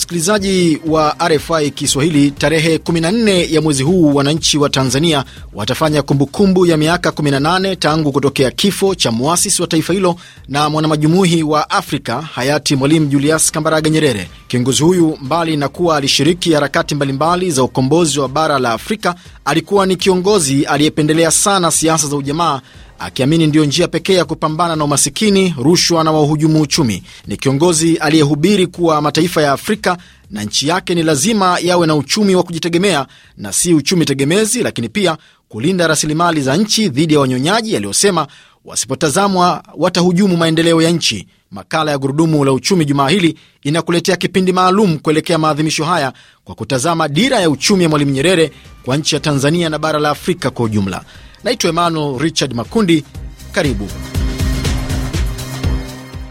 Msikilizaji wa RFI Kiswahili, tarehe 14 ya mwezi huu wananchi wa Tanzania watafanya kumbukumbu ya miaka 18 tangu kutokea kifo cha mwasisi wa taifa hilo na mwanamajumuhi wa Afrika hayati Mwalimu Julius Kambarage Nyerere. Kiongozi huyu mbali na kuwa alishiriki harakati mbalimbali za ukombozi wa bara la Afrika, alikuwa ni kiongozi aliyependelea sana siasa za ujamaa akiamini ndiyo njia pekee ya kupambana na umasikini, rushwa na wahujumu uchumi. Ni kiongozi aliyehubiri kuwa mataifa ya Afrika na nchi yake ni lazima yawe na uchumi wa kujitegemea na si uchumi tegemezi, lakini pia kulinda rasilimali za nchi dhidi ya wanyonyaji, aliyosema wasipotazamwa watahujumu maendeleo ya nchi. Makala ya Gurudumu la Uchumi jumaa hili inakuletea kipindi maalum kuelekea maadhimisho haya kwa kutazama dira ya uchumi ya Mwalimu Nyerere kwa nchi ya Tanzania na bara la Afrika kwa ujumla. Naitwa Emmanuel Richard Makundi, karibu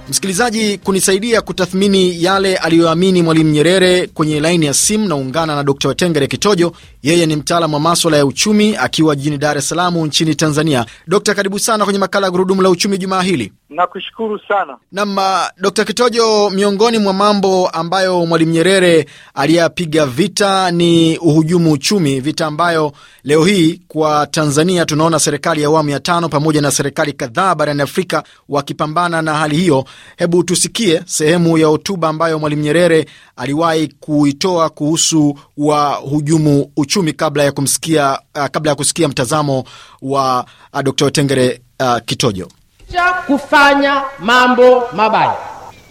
msikilizaji. Kunisaidia kutathmini yale aliyoamini Mwalimu Nyerere, kwenye laini ya simu naungana na Dr Wetengere Kitojo. Yeye ni mtaalamu wa maswala ya uchumi akiwa jijini Dar es Salaam nchini Tanzania. Dokta, karibu sana kwenye makala ya Gurudumu la Uchumi jumaa hili. Nakushukuru sana. nam uh, d Kitojo, miongoni mwa mambo ambayo Mwalimu Nyerere aliyapiga vita ni uhujumu uchumi, vita ambayo leo hii kwa Tanzania tunaona serikali ya awamu ya tano pamoja na serikali kadhaa barani Afrika wakipambana na hali hiyo. Hebu tusikie sehemu ya hotuba ambayo Mwalimu Nyerere aliwahi kuitoa kuhusu wahujumu uchumi kabla ya kumsikia, uh, kabla ya kusikia mtazamo wa uh, d Tengere uh, Kitojo cha kufanya mambo mabaya.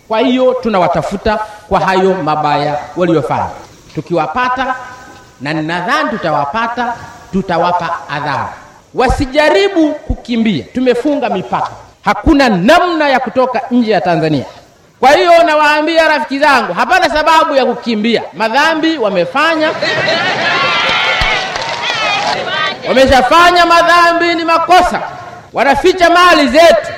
Kwa hiyo tunawatafuta kwa hayo mabaya waliofanya, tukiwapata, na ninadhani tutawapata, tutawapa adhabu, wasijaribu kukimbia. Tumefunga mipaka, hakuna namna ya kutoka nje ya Tanzania. Kwa hiyo nawaambia rafiki zangu, hapana sababu ya kukimbia. Madhambi wamefanya wameshafanya madhambi, ni makosa wanaficha mali zetu,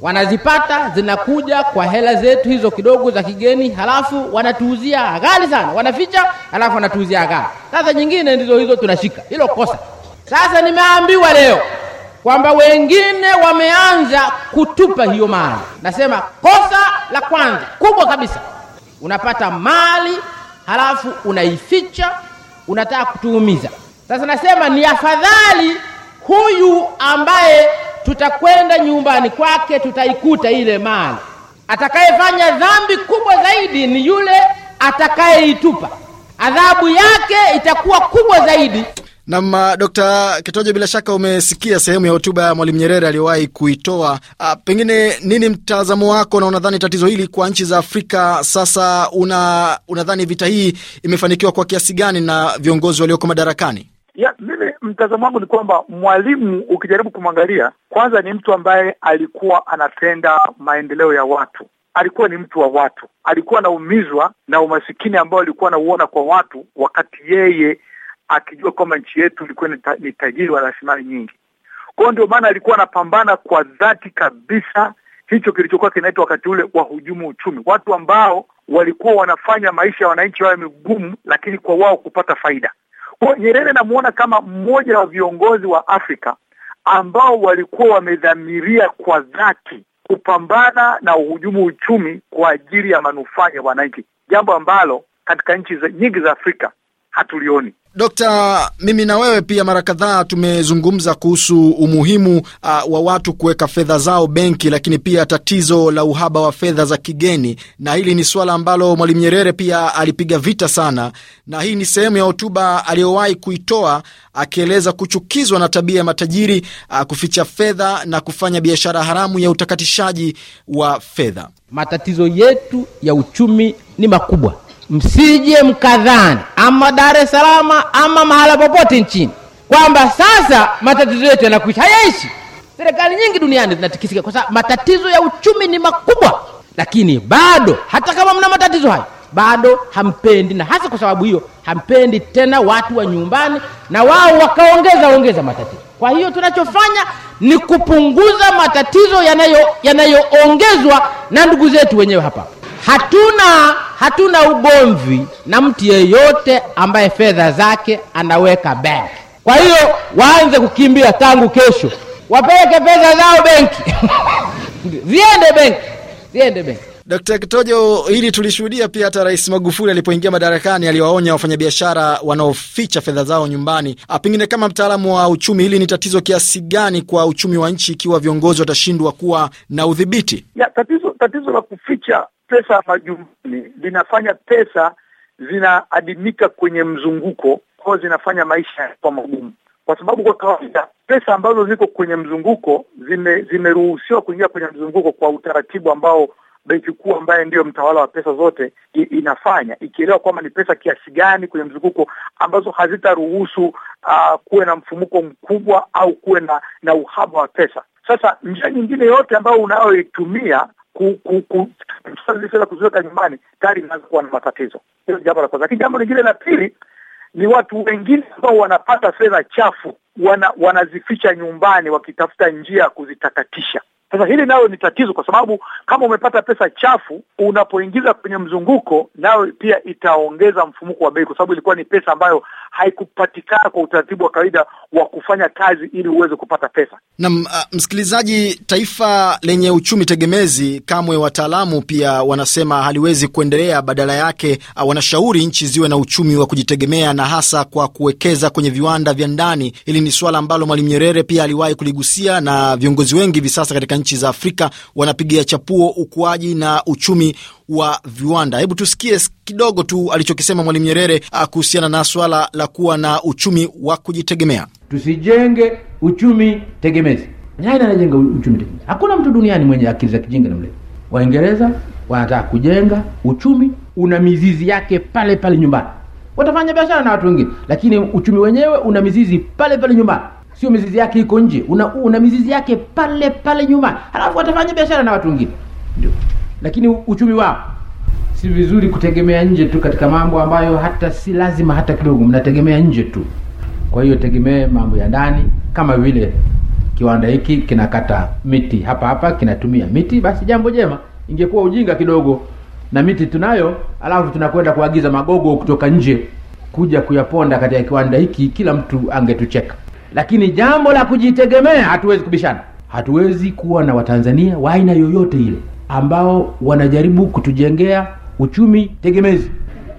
wanazipata zinakuja kwa hela zetu hizo kidogo za kigeni, halafu wanatuuzia ghali sana. Wanaficha halafu wanatuuzia ghali. Sasa nyingine ndizo hizo tunashika, hilo kosa. Sasa nimeambiwa leo kwamba wengine wameanza kutupa hiyo mali. Nasema kosa la kwanza kubwa kabisa, unapata mali halafu unaificha, unataka kutuumiza. Sasa nasema ni afadhali huyu ambaye tutakwenda nyumbani kwake, tutaikuta ile mali. Atakayefanya dhambi kubwa zaidi ni yule atakayeitupa, adhabu yake itakuwa kubwa zaidi. Nam uh, Dokta Kitojo, bila shaka umesikia sehemu ya hotuba ya Mwalimu Nyerere aliyowahi kuitoa. A, uh, pengine nini mtazamo wako na unadhani tatizo hili kwa nchi za Afrika sasa una, unadhani vita hii imefanikiwa kwa kiasi gani na viongozi walioko madarakani? ya mimi mtazamo wangu ni kwamba mwalimu ukijaribu kumwangalia, kwanza ni mtu ambaye alikuwa anatenda maendeleo ya watu, alikuwa ni mtu wa watu, alikuwa anaumizwa na umasikini ambao alikuwa anauona kwa watu, wakati yeye akijua kwamba nchi yetu ilikuwa ni tajiri wa rasilimali nyingi. kwao ndio maana alikuwa anapambana kwa dhati kabisa hicho kilichokuwa kinaitwa wakati ule wahujumu uchumi, watu ambao walikuwa wanafanya maisha ya wananchi wawe migumu, lakini kwa wao kupata faida. Kwa Nyerere namuona kama mmoja wa viongozi wa Afrika ambao walikuwa wamedhamiria kwa dhati kupambana na uhujumu uchumi kwa ajili ya manufaa ya wananchi, jambo ambalo katika nchi nyingi za Afrika hatulioni. Dokta, mimi na wewe pia mara kadhaa tumezungumza kuhusu umuhimu uh, wa watu kuweka fedha zao benki, lakini pia tatizo la uhaba wa fedha za kigeni, na hili ni suala ambalo Mwalimu Nyerere pia alipiga vita sana, na hii ni sehemu ya hotuba aliyowahi kuitoa akieleza kuchukizwa na tabia ya matajiri uh, kuficha fedha na kufanya biashara haramu ya utakatishaji wa fedha. Matatizo yetu ya uchumi ni makubwa msije mkadhani ama Dar es Salaam ama mahala popote nchini kwamba sasa matatizo yetu yanakuisha Hayaishi. Serikali nyingi duniani zinatikisika kwa sababu matatizo ya uchumi ni makubwa, lakini bado hata kama mna matatizo hayo bado hampendi, na hasa kwa sababu hiyo hampendi tena watu wa nyumbani, na wao wakaongeza ongeza matatizo. Kwa hiyo tunachofanya ni kupunguza matatizo yanayoongezwa yanayo na ndugu zetu wenyewe hapa hatuna hatuna ugomvi na mtu yeyote ambaye fedha zake anaweka benki. Kwa hiyo waanze kukimbia tangu kesho, wapeleke fedha zao benki ziende benki, ziende benki. Dkt. Kitojo, hili tulishuhudia pia hata Rais Magufuli alipoingia madarakani aliwaonya wafanyabiashara wanaoficha fedha zao nyumbani. Ah, pengine kama mtaalamu wa uchumi, hili ni tatizo kiasi gani kwa uchumi wa nchi ikiwa viongozi watashindwa kuwa na udhibiti? Ya, tatizo tatizo la kuficha pesa majumbani linafanya pesa zinaadimika kwenye mzunguko, kwa zinafanya maisha yanakuwa magumu, kwa sababu kwa kawaida pesa ambazo ziko kwenye mzunguko zime- zimeruhusiwa kuingia kwenye mzunguko kwa utaratibu ambao benki kuu ambaye ndiyo mtawala wa pesa zote inafanya ikielewa kwamba ni pesa kiasi gani kwenye mzunguko ambazo hazitaruhusu uh, kuwe na mfumuko mkubwa au kuwe na, na uhaba wa pesa. Sasa njia nyingine yote ambayo unayoitumia fedha kuziweka nyumbani tayari inaweza kuwa na matatizo. Hilo jambo la kwanza, lakini jambo lingine la pili ni watu wengine ambao wanapata fedha chafu wana, wanazificha nyumbani wakitafuta njia ya kuzitakatisha. Sasa hili nalo ni tatizo, kwa sababu kama umepata pesa chafu unapoingiza kwenye mzunguko, nayo pia itaongeza mfumuko wa bei, kwa sababu ilikuwa ni pesa ambayo haikupatikana kwa utaratibu wa kawaida wa kufanya kazi ili uweze kupata pesa. Naam, uh, msikilizaji, taifa lenye uchumi tegemezi kamwe, wataalamu pia wanasema haliwezi kuendelea. Badala yake uh, wanashauri nchi ziwe na uchumi wa kujitegemea na hasa kwa kuwekeza kwenye viwanda vya ndani. Hili ni suala ambalo Mwalimu Nyerere pia aliwahi kuligusia na viongozi wengi hivi sasa katika nchi za Afrika wanapigia chapuo ukuaji na uchumi wa viwanda. Hebu tusikie kidogo tu alichokisema Mwalimu Nyerere ah, kuhusiana na swala la kuwa na uchumi wa kujitegemea. Tusijenge uchumi tegemezi. Nani anajenga uchumi tegemezi? Hakuna mtu duniani mwenye akili za kijinga namle. Waingereza wanataka kujenga uchumi una mizizi yake pale pale nyumbani. Watafanya biashara na watu wengine, lakini uchumi wenyewe una mizizi pale pale nyumbani sio mizizi yake iko nje, una, una mizizi yake pale pale nyuma, halafu watafanya biashara na watu wengine ndio. Lakini uchumi wao si vizuri kutegemea nje tu katika mambo ambayo hata si lazima hata kidogo, mnategemea nje tu. Kwa hiyo tegemee mambo ya ndani, kama vile kiwanda hiki kinakata miti hapa hapa, kinatumia miti, basi jambo jema. Ingekuwa ujinga kidogo na miti tunayo, alafu tunakwenda kuagiza magogo kutoka nje kuja kuyaponda katika kiwanda hiki, kila mtu angetucheka lakini jambo la kujitegemea hatuwezi kubishana. Hatuwezi kuwa na Watanzania wa aina yoyote ile ambao wanajaribu kutujengea uchumi tegemezi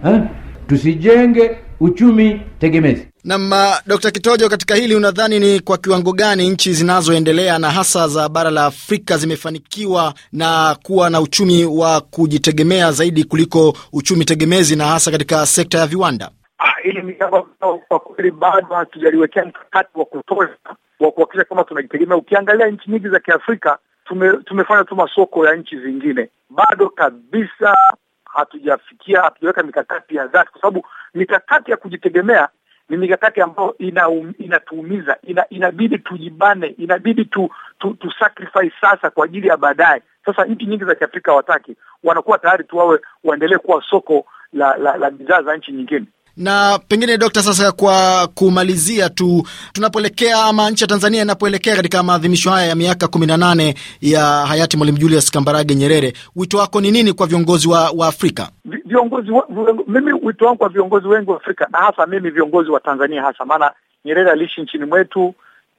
ha? Eh? Tusijenge uchumi tegemezi. Nam uh, d Kitojo, katika hili unadhani ni kwa kiwango gani nchi zinazoendelea na hasa za bara la Afrika zimefanikiwa na kuwa na uchumi wa kujitegemea zaidi kuliko uchumi tegemezi na hasa katika sekta ya viwanda? Ah, ili milango kwa kweli bado hatujaliwekea mkakati wa kutosha wa kuhakikisha kama tunajitegemea. Ukiangalia nchi nyingi za Kiafrika tume, tumefanya tu masoko ya nchi zingine, bado kabisa hatujafikia, hatujaweka mikakati ya dhati, kwa sababu mikakati ya kujitegemea ni mikakati ambayo um, inatuumiza ina, inabidi tujibane, inabidi tu, tu, tu sacrifice sasa kwa ajili ya baadaye. Sasa nchi nyingi za Kiafrika hawataki, wanakuwa tayari tu wawe waendelee kuwa soko la la, la bidhaa za nchi nyingine. Na pengine Dokta, sasa kwa kumalizia tu, tunapoelekea ama nchi ya Tanzania inapoelekea katika maadhimisho haya ya miaka kumi na nane ya hayati Mwalimu Julius Kambarage Nyerere, wito wako ni nini kwa viongozi wa, wa Afrika? Viongozi mimi wito wangu kwa viongozi wengi wa Afrika na hasa mimi viongozi wa Tanzania hasa, maana Nyerere aliishi nchini mwetu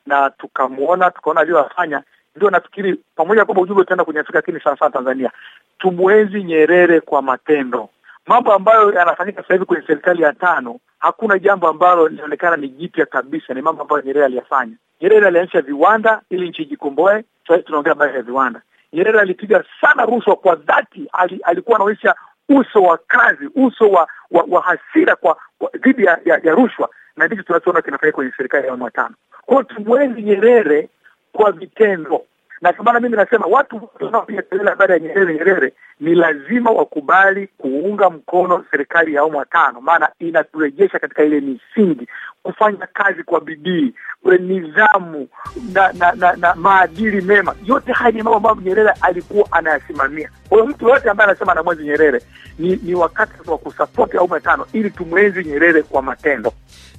na tukamwona tukaona aliyoyafanya ndio nafikiri pamoja kwamba ujumbe utaenda kwenye Afrika, lakini sana sana Tanzania, tumwezi Nyerere kwa matendo mambo ambayo yanafanyika sasa hivi kwenye serikali ya tano, hakuna jambo ambalo linaonekana ni jipya kabisa, ni mambo ambayo Nyerere aliyafanya. Nyerere alianzisha viwanda ili nchi ijikomboe. Sasa tunaongea habari ya viwanda. Nyerere alipiga sana rushwa kwa dhati, ali, alikuwa anaonyesha uso wa kazi, uso wa, wa, wa hasira kwa dhidi ya, ya, ya rushwa, na ndicho tunachoona kinafanyika kwenye serikali ya awamu ya tano. Kwa hiyo tumwezi Nyerere kwa vitendo na kwa maana mimi nasema watu wanaopiga kelele baada ya Nyerere Nyerere ni lazima wakubali kuunga mkono serikali ya awamu ya tano, maana inaturejesha katika ile misingi, kufanya kazi kwa bidii, nidhamu na na, na, na maadili mema. Yote haya ni mambo ambayo Nyerere alikuwa anayasimamia. Kwa hiyo mtu yoyote ambaye anasema anamwenzi Nyerere ni, ni wakati wa kusapoti awamu ya tano ili tumwenzi Nyerere kwa matendo.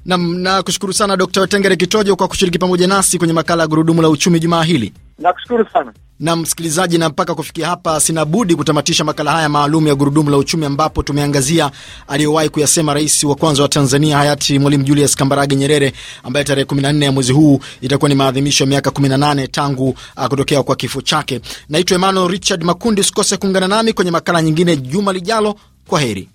Nam, nakushukuru sana Dkt. Tengere Kitojo kwa kushiriki pamoja nasi kwenye makala ya Gurudumu la Uchumi jumaa hili. Nakushukuru sana na msikilizaji, na mpaka kufikia hapa, sina budi kutamatisha makala haya maalum ya Gurudumu la Uchumi, ambapo tumeangazia aliyowahi kuyasema rais wa kwanza wa Tanzania hayati Mwalimu Julius Kambarage Nyerere, ambaye tarehe 14 ya mwezi huu itakuwa ni maadhimisho ya miaka 18 tangu uh, kutokea kwa kifo chake. Naitwa Emmanuel Richard Makundi. Usikose kuungana nami kwenye makala nyingine juma lijalo. Kwa heri.